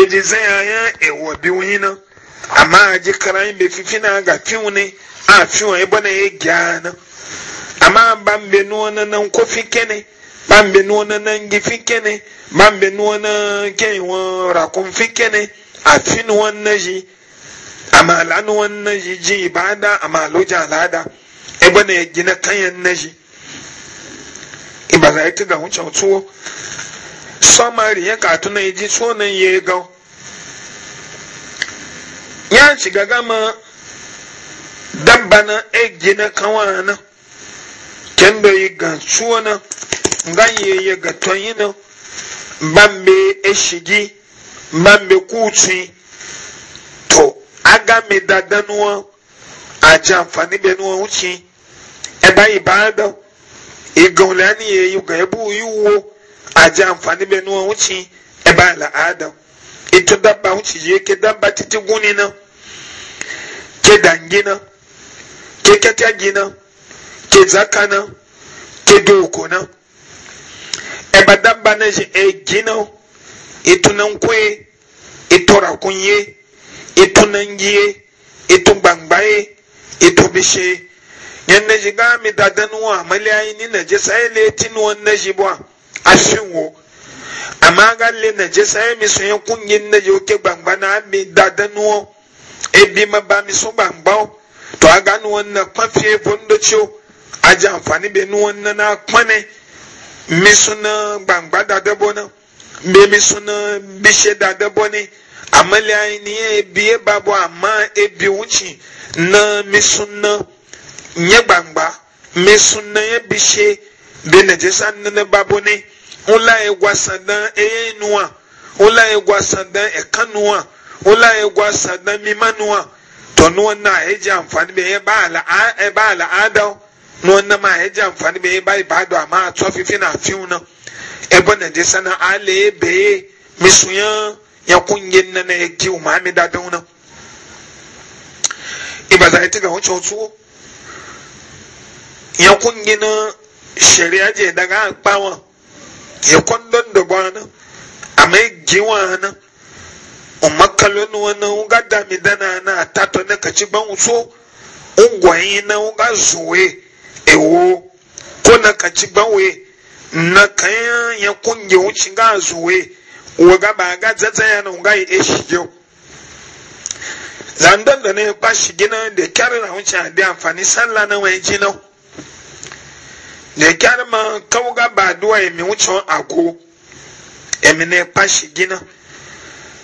eji zaya ya ɛwɔ bi hina amma aji ji karayin fifi na aga fiw ne a fiw ya bana ya gyana amma ban na na nan kofi kene ban na nuna nan gifi kene ban na nuna kewa rakun kene a fin wannan shi amma al'an wannan yi ji ibada ama loja al'ada e ya na ya gina kayan na yi ibaza ya ga wucin tuwo sọmarị ya katu na ji na ya ga ya shiga gama dabba na egi na kawa na kendo yi ga na ganye ya ga na bambe eshigi bambe kuci to aga mi dadanuwa a ji amfani benuwa wuce ebe ibada igan lani ya yi ga ebe yiwuwa a ji amfani bai nuwa wuce e ba al'ada ita dabba wuce je ke daba titi guni na ke dangi na ke kyatagi na ke zaka na ke doko na e ba dabba na ji e gina itunan kwe itora kunye itunan giye itun gbangbaye ito bishe yan na ji ga mi dadanuwa maliyayi ni na je sai le tinuwan na ji buwa ashinwo amma ga le na je sai mi so yen kunyin na yo oke gbangba na ami dada dadanu ebi ma ba mi so gbangba o to aga nu wannan kwafi bondo ciwo aja amfani be nu na kwane mi suna gbangba dadabo na be mi suna bishe dadabo ne amma le ayin ni ebi e babo ama ebi wuci na mi na nye gbangba mi suna ye bishe bɛ najasa nana babo ne ŋula e e ye eye nua ŋula ye gwasandan ɛka nua ŋula ye gwasandan mima nua tɔnua na a e ye jɛ anfani bɛ ɛba ala a ɛba ala adaw nua nam a bɛ ma a fifi na afiw na ɛbɔ na ale ye misunya yakun yin shari'a je daga an kpawa ya kwandon da gwana a mai giwa na umar kalon wani unga dami dana na tato na kaci ban wuso ungwayi na unga zuwe ewo ko na kaci ban we na kayan ya kunge wuce ga zuwe waga ba ga ya na unga yi eshi yau zandon da na ya kwashi gina da kyar na wuce a amfani sallah na wani jinau da kyar ma kawuga ba duwa ya mi wucin ako ya mi na fashi gina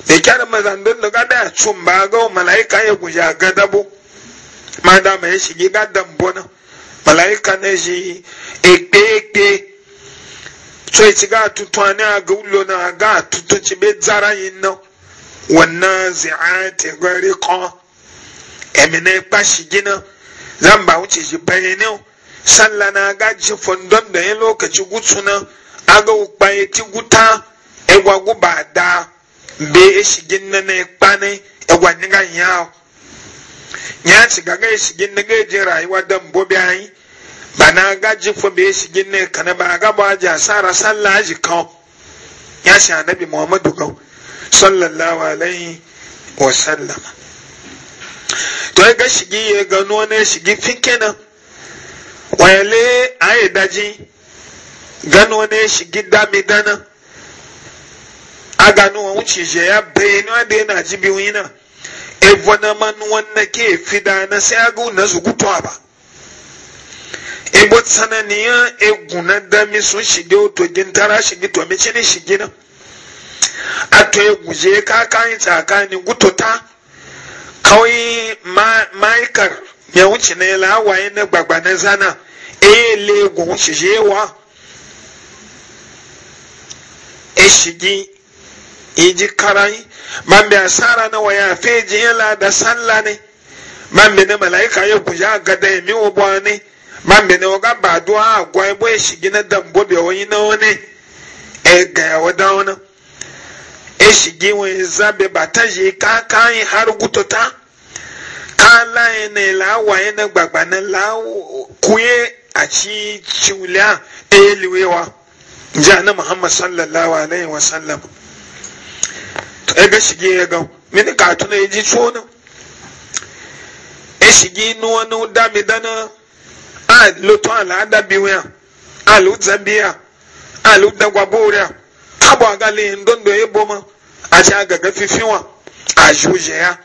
da kyar ma zandun da gada cun ba ga mala'ika ya guja gadabo ma da ma ya shigi gadan bona mala'ika na shi ekpe ekpe so ga tutu ne a ga na ga tutu ci be zara yin na wannan zi'ati gari kan ya mi na fashi gina zan ba wuce shi bayanin sallah na aga ji fondon da ya lokaci gutsuna aga ukpa ya ti guta egwa guba da be eshigin na na ekpane egwa niga nyao nya shiga ga eshigin na ga je rayuwa da mbobi anyi ba na ga ji fo be eshigin na kana ba ga ba ja sara sallah ji kan ya shi annabi muhammadu ga sallallahu alaihi wa sallama to ga shigi ya gano na shigi fikena wayale aye daji gano ne shi gida mi dana a gano wa wuce je ya bayani wa da yana ji biyu yana evo na manu wannan ke fida na sai agu na zugutuwa ba ebo tsananiya egu na dami sun shige oto gintara shige to shi ne shige na a to egu je ni guto ta. kawai maikar ya wuce na lawaye na gbagba na zana ele gwa wa e shigi iji karai man bi asara na waya feji yala da salla ne man bi na malaika ya kuja emi ya miwa bwa ne man bi na waga agwa ibo e shigi na dambo bi onye na wani e gaya wada wani e ka wani zabe ba ta je kakan har gutota kala ne lawa na gbagba na lawa kuye a ci ciwuliya ɗaya liwewa ji na muhammad sallallahu alaihi wa sallam to ai ga shige ya ga mini ka tuna ya ji na ya shige ni wani dami dana a lotu ala adabi wuya a zambiya dagwa dagwaboriya abu a agali ndondo ya boma a ci agaga fifiwa a juje ya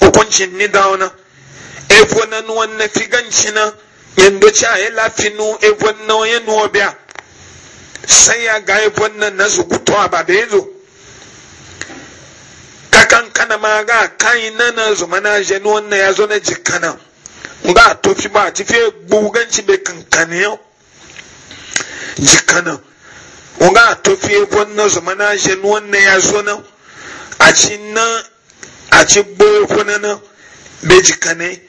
hukuncin ni dauna efo na nuwan na figanci na yadda ci a yi lafinu ebon nawa ya nuwa biya sai ya ga ebon nan na zugutuwa ba da ya zo kakan kana ma ga kayi na na zuma na jeni wannan ya zo na jikana ba tofi ba ti fiye gbuganci bai kankani yau jikana ga tofi ebon na zuma na jeni wannan ya zo na a ci na a ci gbo e na na bai jikane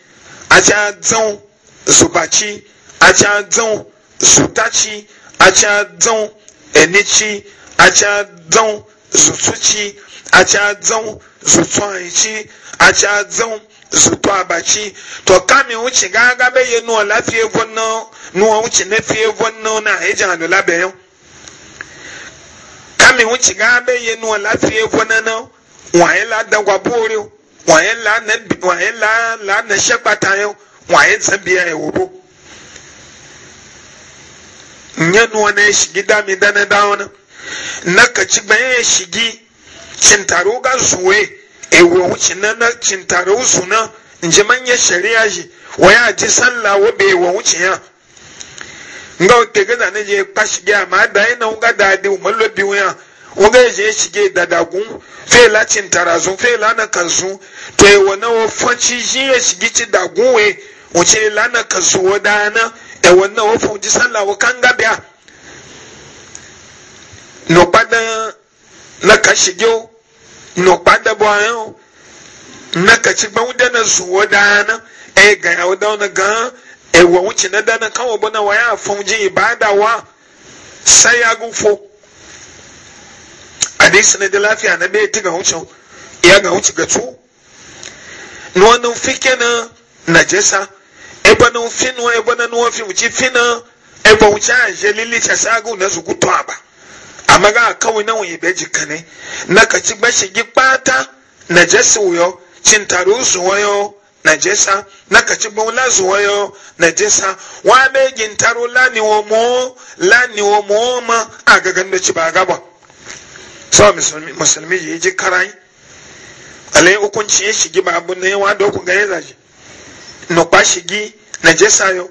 a ci a zan zubaci a can zan zutaci a can zan enici a can zan zutuci a can zan zutuwanci a can zan zutuwabaci to kamin wuce gaga bai yi nuwa lafiye gwanna nuwa wuce na fiye gwanna na hejin alula bayan kamin wuce gaga bai yi nuwa lafiye gwanna na wayan la dagwa bori la na shekpata yau waye san biya ya wobo nye nuwa na ya shigi dami dana dawana na ka ci bayan ya shigi cintaro ga zuwe ewo na na cintaro su na nje manya shari'a shi waya ji sallah wa bai wa wuce ya nga o tege da ne je kpashi gya ma da ina nga da adi umarlo biyu oga je shige da dadagun lacin cintarazun fela lana kansu to yi wani wafanci shi ya shige ci dagun we wuce lana kansu wadana da wannan wafan ji sallah wa kan gabiya nukpada na ka shige nukpada bayan na ka ci ban na su wadana e ga ya wadana ga e wa wuce na dana kan bana waya afanji ibada wa sai ya gufo hadisi na da lafiya na bai ti ga wucin ya ga wuci ga tu nuwa nun fi kenan najasa eba nun fi nuwa eba na nuwa fi wuci fi na eba wuci a je lili ta sagu na zugu to aba amma ga kawai na wuyi beji kane na ka ci gbashi gi pata najasa wuyo cin taru su na jesa. nakachi gbɔn lazu wɔyɔ najesa wɔn abɛ gintaro laniwɔmɔ laniwɔmɔ ma agagan do tsi ba aga bɔ. so musulmi musulmi ji karai ale hukunci ya shigi ba abun ne wa da hukun ga yaza ji no kwa shigi na je sayo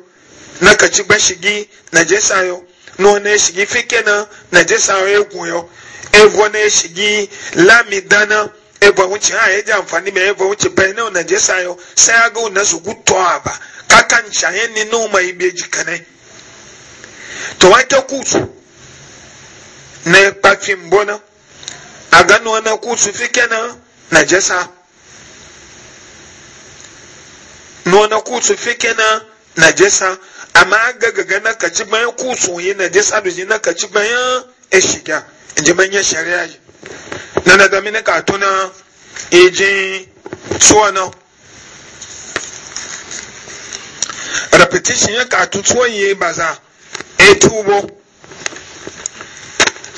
na ka ci ba shigi na je sayo no ne shigi fike na na je sayo ya goyo ebo ne shigi lami dana evo wuce ha ya ji amfani mai ebo wuce bai na na je sayo sai ya ga na su gutowa ba kakan shayen ni no mai beji kanai to wata kutu na ya kpafin bonan a gano wannan kutu fi kenan najasa nuna kutu fi kenan najasa amma ga gaga na kaci bayan kutu yi najasa da ji na kaci bayan ya shiga ji manyan shari'a yi na na gami na katuna ejin suwa na repetition ya katu suwa yi baza e tubo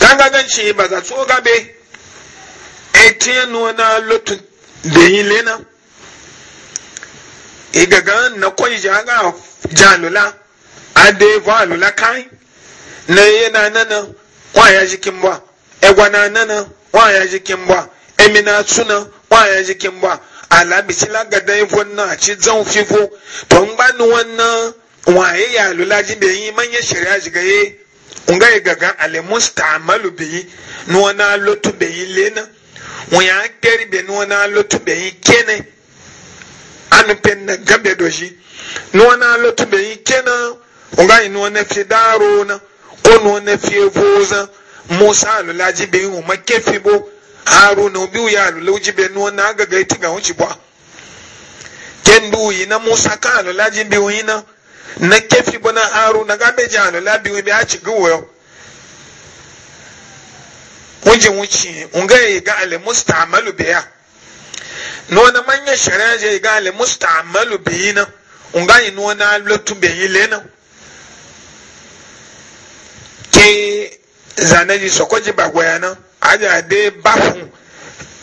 zanga ganci baza tuwo gabe etinye nuwa na lotu da yi lena igaga na kwai jaga jalula ade valula kai na ye na nana wa ya jikin ba egwa na nana wa ya jikin ba emina suna wa ya jikin ba ala la gada yi na ci zan fifo to n ba nuwa na waye ya lula ji bai yi manyan shari'a jigaye nga igaga ale musta'malu bi nuwa na lotu bai yi lena wọn yà gẹ́rì bẹ̀ ní wọn náà lọ́tù bẹ̀ yìí kẹ́nẹ́ anupẹ̀ nà gàbẹ̀ dọ̀jì ní wọn náà lọ́tù bẹ̀ yìí kẹ́nẹ́ wọn na kó ní wọn náà musa alulaji bẹ̀ yín wọn ma obi ní wọn náà gàgà gà wọn ti a na musa ká na na kẹ́fì bọ́ na haruna gàbẹ̀ jẹ́ alulaji bẹ̀ yín bẹ̀ a wuce wuce unga ya ga al musta'malu biya no na manya shari'a ya ga al musta'malu na unga yi no na lotu biyi lena ke zanaji sokoji bagwaya na aja de bafu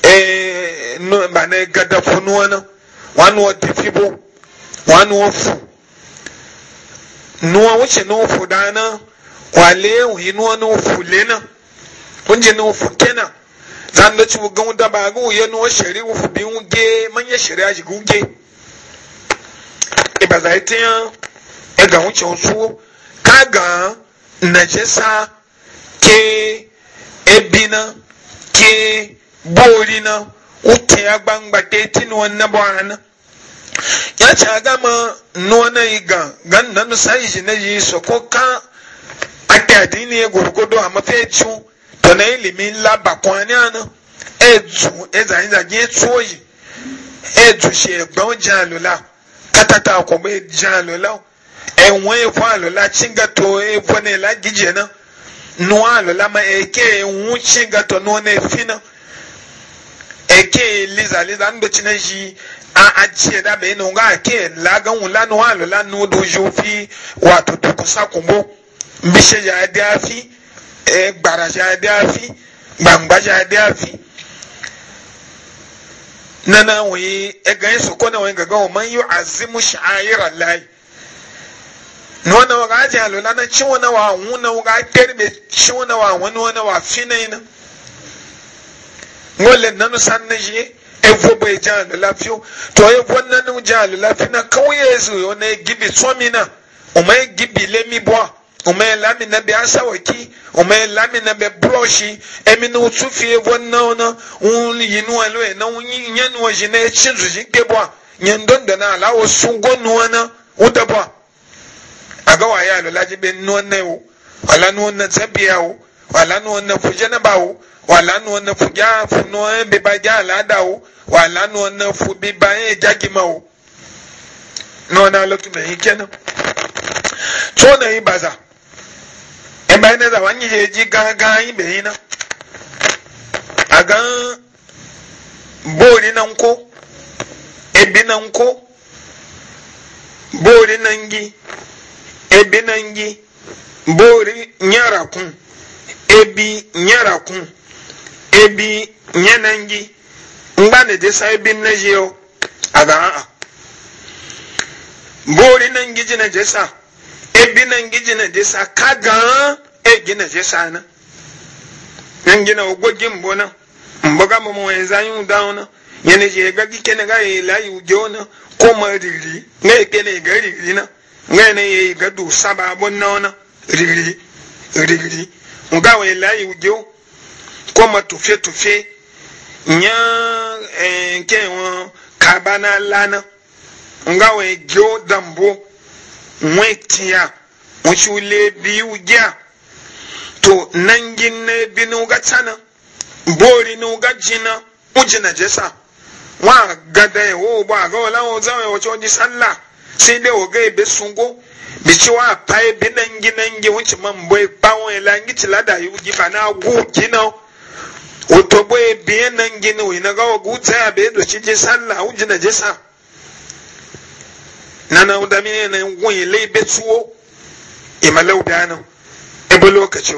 eh no bane gada funuwa nan wani wa tafibo wani wa fu nuwa wuce nuwa fu dana kwale nuwa nuwa fu lena wunje ni wufu kenan zan da ci wugan wuda ba ga wuye ni wani shari wufu bi wuge manya shari a shiga wuge iba za ita ya ga wuce wasu ka ga najasa ke ebina ke bori na wuke ya gbangba ke tinu wannan ba hana ya ci aga ma nuna yi ga gan nanu sa yi na yi soko ka ake adini ya gurgudu a mafi ciwo to na ilimi ńlá bàkwani àná ẹ̀dù ẹ̀zàyìnzàyìn ẹ̀tù òyì ẹ̀dù ṣe jan jẹ́ àlùlá kátàtà àkọ́bọ̀ jan àlùlá ẹ̀wọ̀n ẹ̀fọ́ àlùlá chingato ẹ̀fọ́ náà ẹ̀lá gíjẹ̀ na? nù àlùlá ma ẹ̀kẹ́ ẹ̀wọ̀n chingato nù ọ̀nà ẹ̀fín náà liza ẹ̀lẹ́zàlẹ́zà ńdọ̀tí náà yìí a ajiye da bai nun ga ke lagan wula nu nu do fi wato to kusa kumbo adi ya fi. e gbara shi adi afi gbangba shi adi afi nana wòye egan so ko na wòye gangan wòye man yi azimu sha'ayira lai nwana wa ga ajiya lola na ci wana wa hun na wa ga terbe ci wana wa wani wana wa fina ina ngole nanu san na je evo bai ja lola fiyo to evo nanu ja lola fina kawai ya zo yo na gibi tsomi na o mai gibi lemi bwa ome lami na bɛ asawaki ome lami na bɛ brɔshi emi na wotu fie na yi nu alo yɛ na wɔn yi nye nu wɔzi na ekyi zuzi ke bɔ a nye ndondo na ala wo sungo nua na wota bɔ a aga wa ayɛ alo lagye bɛ nua na wo wala nua na sɛbea wo wala nua na fujɛ na wo wala nua na fujɛ afunu ɛbɛba gya alaada wo wala nua na fu biba ɛgya e gima wo nua na alɔ tu yi kyɛ tso na yi baza. ebe ne za wani heji gaga yi anyị na a gan bori nan ko ebi na ko bori na ngi ebi na ngi bori nyara kun ebi nyara kun ebi na ngi ngba ne de sa ebi na je o a ga a bori nan ji na je ebi na ngiji na jesa ka egi na jesa na ngi na ogogi mbo na mbo ga mo mo ezanyi udawo na yene je ga gike na ga ila e yujo na ko ma riri na eke na e ga riri na nga e na ye ga du saba bon na na riri riri nga wa ila yujo ko ma tufe tufe nya eh ke won kabana lana nga wa gyo dambo wetia wucule biyu gya to nan ginne binu ga tsana bori nu ga jina ujina jesa wa gada ya wo ba ga wala wo zama ya wace wani sallah sai dai wo ga ibe sungo bi ci wa paye bi nan ginan gi wuce man boy bawon ya langi ci lada yi ugi ba na gu o to boy biye nan gina wai na ga wa gu tsaya bai doci je sallah ujina jesa nana da mine na wani laibe tuwo imalau da nan ebe lokaci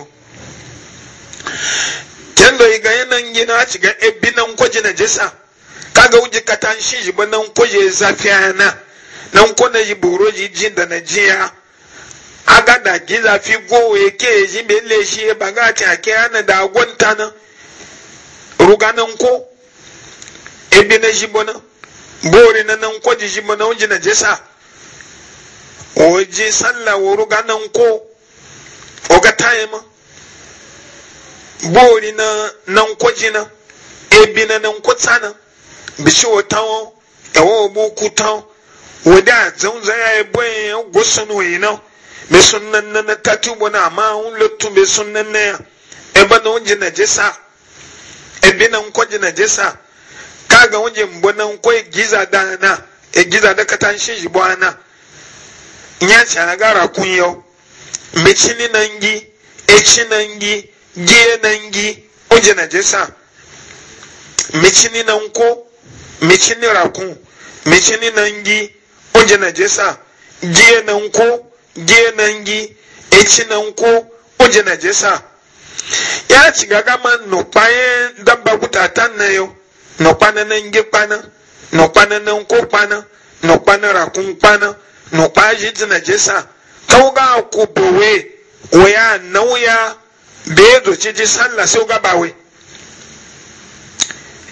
kendo iga yanan gina a cikin ebi nan kwaji na jisa kaga uji katan shi ji ba nan kwaji zafiya na nan na ji buru ji ji da na jiya aga da ji zafi ya ke ji bele shi ba ga ci ke yana da agwanta na ruga nan ko ebi na ba nan bori na nan kwaji ji ba na uji na jisa ji sallah woro ganan ko oga taye ma bori na nan ji na ebi na nan ko tsana bisi wo tawo ewo bu ku tawo wada zanza ya ebo en gosan na yina me na na tatu bona ma hun lotu be sunnan na eba na oji na jesa ebi na nko na jesa kaga unje mbona nko giza dana e giza da katan shi na. E nya chana gara kunyo mbechini nangi echi gie oje na jesa mbechini na nko gie na nko gie na jesa ya chigaga ma nnọkpa dabba gutata na yo nnọkpa na nangi kpana nnọkpa na nko kpana nnọkpa na rakun kpana nukpaji ti jisa tauga ku bowe waya nauya do ci ji sallah sai ga bawe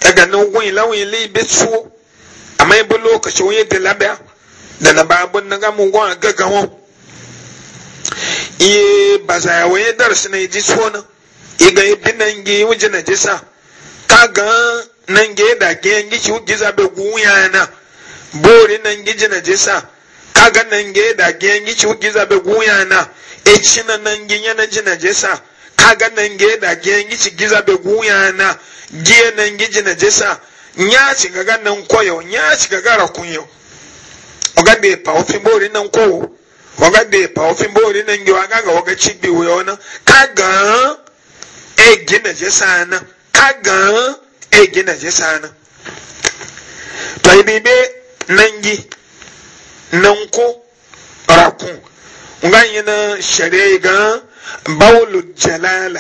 daga nan gun lawin li bitsuwo amma ibo lokaci wuye da labiya da na babun na gamu gun a gaggawon iye ba za ya waye darasi ne ji tsuwo na iga ibi nan gi wuji jisa ka ga nan ge da ge yangi ci wuji gun ya na bori nan gi ji jisa. kaga nan ge da gen yi ciwo giza be guya na e cina nan gen yana ji na jesa kaga nan ge da gen yi ci giza be guya na ge nan gi ji na jesa nya ci kaga nan koyo nya ci gaga rakunyo oga be pa ofi bori nan ko oga be pa ofi bori nan gi waga ga oga ci bi wuyo na kaga e gi na jesa na kaga e gi na jesa na to ibe nan gi nanko rakun nga yina shari'a ga bawulu jalala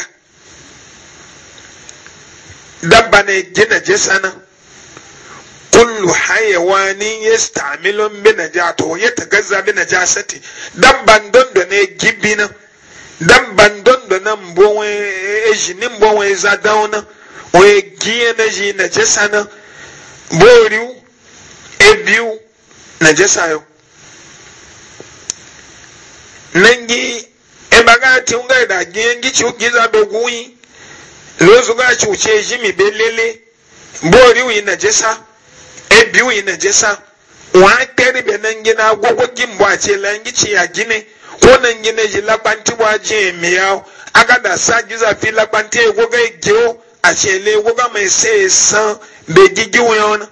dabba ne gina jisana kullu hayawani yastamilu bi najato yatagazza ja najasati dabba dondo ne gibina dabba dondo na mbonwe ejini mbonwe za dauna oye giye na ji najasana boriu ebiu na yo nangi ebagati unga da gengi chukiza dogui lozu ga chuche jimi belele bori wi na jesa ebi wi na jesa wa teri be nangi na gogo gimbo ache langi chi ya gine ko nangi na jila panti wa jemi yao aga da sa giza fila panti ego ga egeo ache le ego ga me se san be gigi wi ona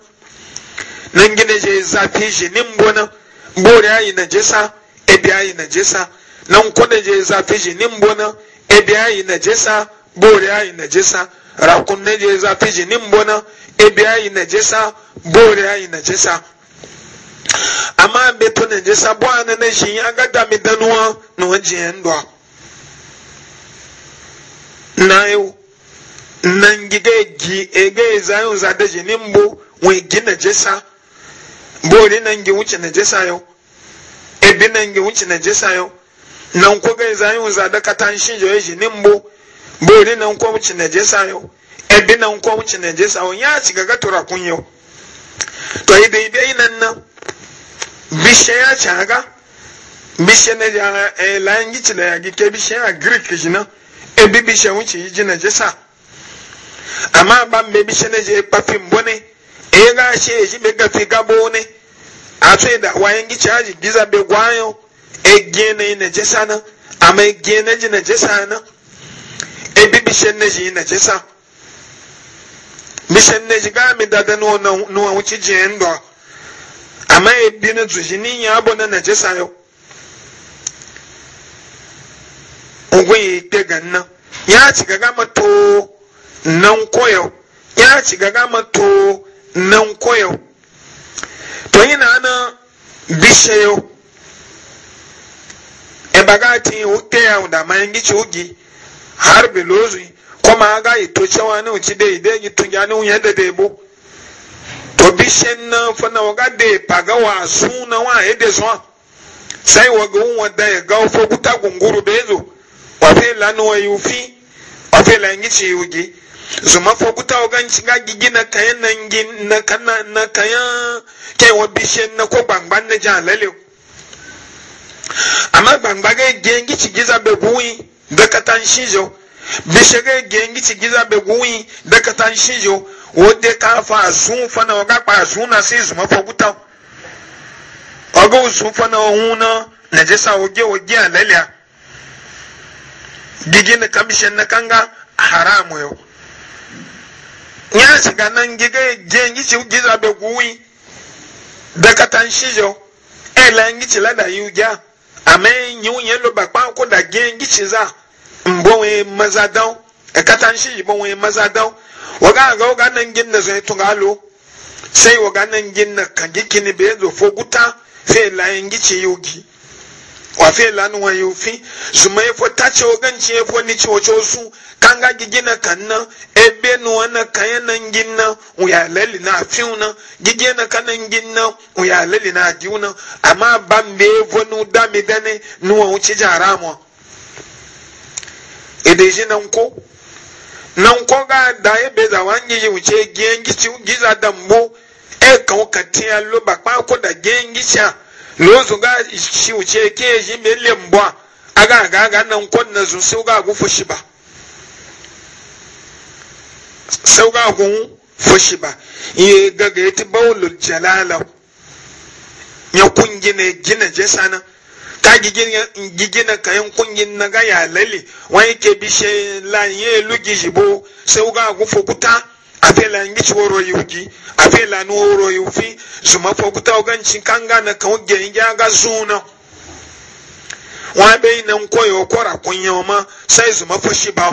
nangi na je zafi jini mbona bori ayi na jesa ebi anyị na jesa na nkɔ na je za fiji ni mbo na ebi anyị na jesa bori anyị na jesa rakun na je za fiji ni mbo na ebi anyị na jesa bori anyị na jesa ama be na jesa bo ana na ya aga da mi danuwa na waje a. na yau nan giga gi ege zayon za daji ni mbo wai gina jesa bori na gi wuce na jesa yau ebinan na nge wunci na jesa yau na nko ga za yi za da katan shi jo yi e ni mbo bo ni na nko wunci na jesa yau ebinan na nko wunci na jesa yau ya ci ga tura kun yo to yi da ibe inan na bishe ya ci aga bishe na ja e la ngi ci da ya gi ke bishe a greek e ji na ebi bishe wunci yi ji na jesa amma ba me bishe na je kpafin bone e ga she ji be gafi gabo ne ato yi da wayan gici haji giza be gwayo e na yi na jesa na ama e na ji na jesa na ebi bishen na ji na jesa bishen na ji gami dada na wani wuce jiyan ndo ama ebi na zuji ni ya abu na na jesa yau ugwe ya ikpe ganna ya ci gaga mato nan koyo ya ci gaga mato nan koyo bishayo e bagati utte ya da mayangi chugi harbi lozi kuma aga ito cewa ne uci da ide gi tunya ni unye da debo to bishen na fana waga de paga wa suna wa ede so sai waga unwa da ya ga ofo buta gunguru bezo wa fe lanuwa yufi wa fe langi ci yugi zuma fo kuta ga ga gigi na kayan nan gin na kana na kayan kai wa bishen na ko gbangban na ja lele amma gbangba ga gengi ci giza be buwi da katan shijo she ga gengi ci giza be buwi da katan shijo de ka fa sun fa na ga pa sun na sai zuma fo kuta ogo sun fa na huna na je sa oge oge alaliya gigi na kamishen na kanga haramu yo ya shiga nan giga gengi ci giza be guwi da katan shijo e la ngi ci la da yuja ame nyu ye lo bakpa ko da gengi ci za mbo we mazadan e katan shiji bo we mazadan waga ga waga nan gin na zai tungalo sai waga nan gin na kan kini be zo foguta sai la ngi ci yugi wafe lanu wa yufi zuma yefo tace oganci yefo ni ci wacho su kanga gigina kanna ebe nu wana kayana nginna uya leli na afiuna gigina kanan nginna uya leli na giuna amma bambe evo nu dami dane nu wa uchi jaramo edeji na ko na ko ga da ebe za wangi ji wuce gengi ci giza dambo e kan katiya lo bakpa ko da gengi cha lozu ga shi ke shi mai ba a ga ga nan kon zu sau ga gu fushi ba sau ga gu fushi ba iye gaga ya ti baulul jalala ya kungina gina jesa nan ka gigina kayan kungin na ga ya lali wani ke bishe la ye lugi jibo sau ga gu fukuta afela ngi chworo yugi afela nu oro yufi zuma fo kuta ogan chinkanga na kan ge ngi aga zuna wa be na nkoyo okora kunyo ma sai zuma fo shiba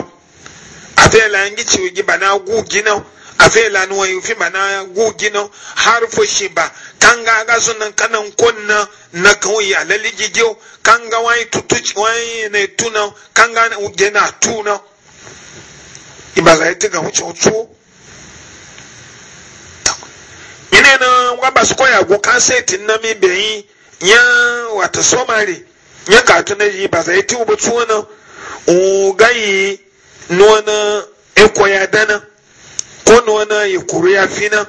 afela ngi chwugi bana gugi na afela nu yufi bana gugi na har fo ba, kanga aga zuna kana nkonna na kan yi alali gigiyo kanga wai tutu wai na tuna kanga ge na tuna ibaza ite ga wuce wuce ina na waba su koya go kasetin na mi bayin ya wata somari ya katu na yi ba zai ti ubu tsuwana ugayi nuna ekoya dana ko nuna ikuru ya fina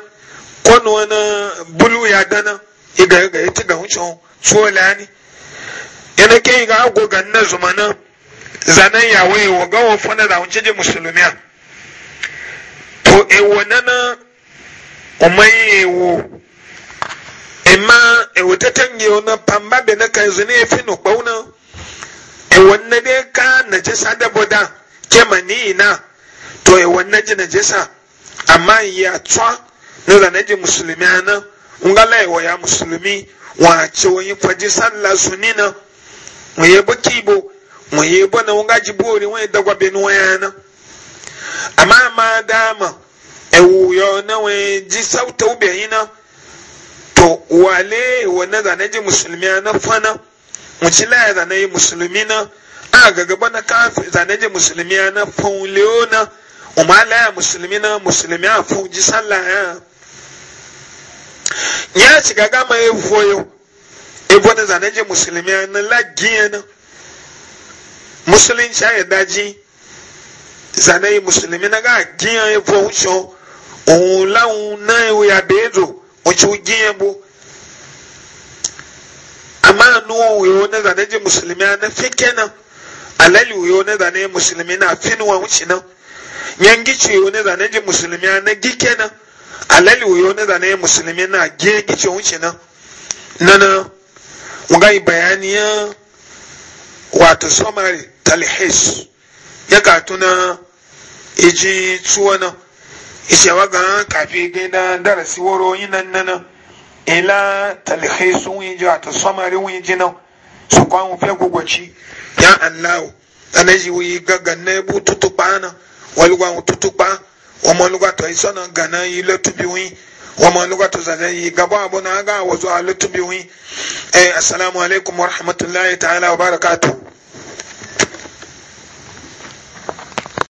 ko nuna bulu ya dana iga iga ya ti ga huncin tsuwala ne yana ke ga iga agogan na zumana zanen yawon iwo gawo fana da huncin musulmiya to ewo nana umayi ewu ema ewu tete nyi na pamba be na kan zini efi no kpawu na ewu na de ka na jesa da boda ke mani na to ewu na ji na jesa amma ya twa na da na ji musulumi ana ngala ewu ya musulmi wa ce wani kwaji sallah suni na mu kiibo kibo mu yebo na wanga jibori wani dagwa be no yana amma ma dama ewuyo nawa ji sauta ubeyi na to wale wane zane ji musulmi na fana muci laya zane yi musulmi na a gagaba na kafi zane ji musulmi na faulio na umma laya musulmi na musulmi a fun ji sallah ya ya shiga gama ya voyo ebo na zane ji musulmi na lagiya na musulunci yi daji zane yi musulmi na ga giyan ya voyo wula wuna ya bezo wace wujiye bu amma nuwa wuyo na musulmi na fi kenan alali wuyo na musulmi na finuwa wuce nan yangi ci wuyo na zane ji musulmi na gi kenan alali wuyo na zane musulmi na gi gice wuce nan nana muga yi bayaniya wato somari talhis ya katuna iji ishewa gara kafi gina darasi woro yi nan nan ila talhe sun yi a ta samari ji nan su kwan fe gugwaci ya allahu anaji wuyi gagan na ebu tutukpa na waluwa wu tutukpa wama luga to isana gana yi lotubi wi wama luga to zaga yi gaba abu na aga wazo a lotubi wi eh assalamu alaikum wa ta'ala wa barakatuh